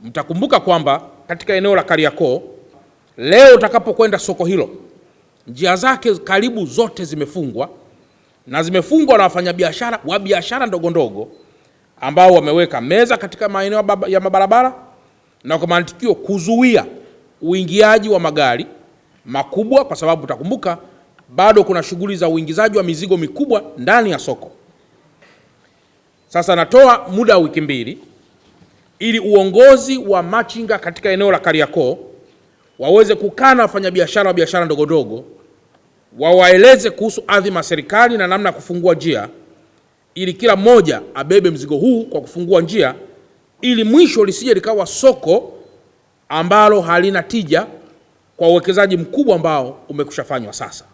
Mtakumbuka kwamba katika eneo la Kariakoo leo utakapokwenda soko hilo, njia zake karibu zote zimefungwa na zimefungwa na wafanyabiashara wa biashara ndogo ndogo ambao wameweka meza katika maeneo ya mabarabara na kwa mantikio kuzuia uingiaji wa magari makubwa, kwa sababu utakumbuka bado kuna shughuli za uingizaji wa mizigo mikubwa ndani ya soko. Sasa natoa muda wa wiki mbili ili uongozi wa machinga katika eneo la Kariakoo waweze kukaa na wafanyabiashara wa biashara ndogondogo, wawaeleze kuhusu adhima ya serikali na namna ya kufungua njia, ili kila mmoja abebe mzigo huu kwa kufungua njia, ili mwisho lisije likawa soko ambalo halina tija kwa uwekezaji mkubwa ambao umekushafanywa sasa.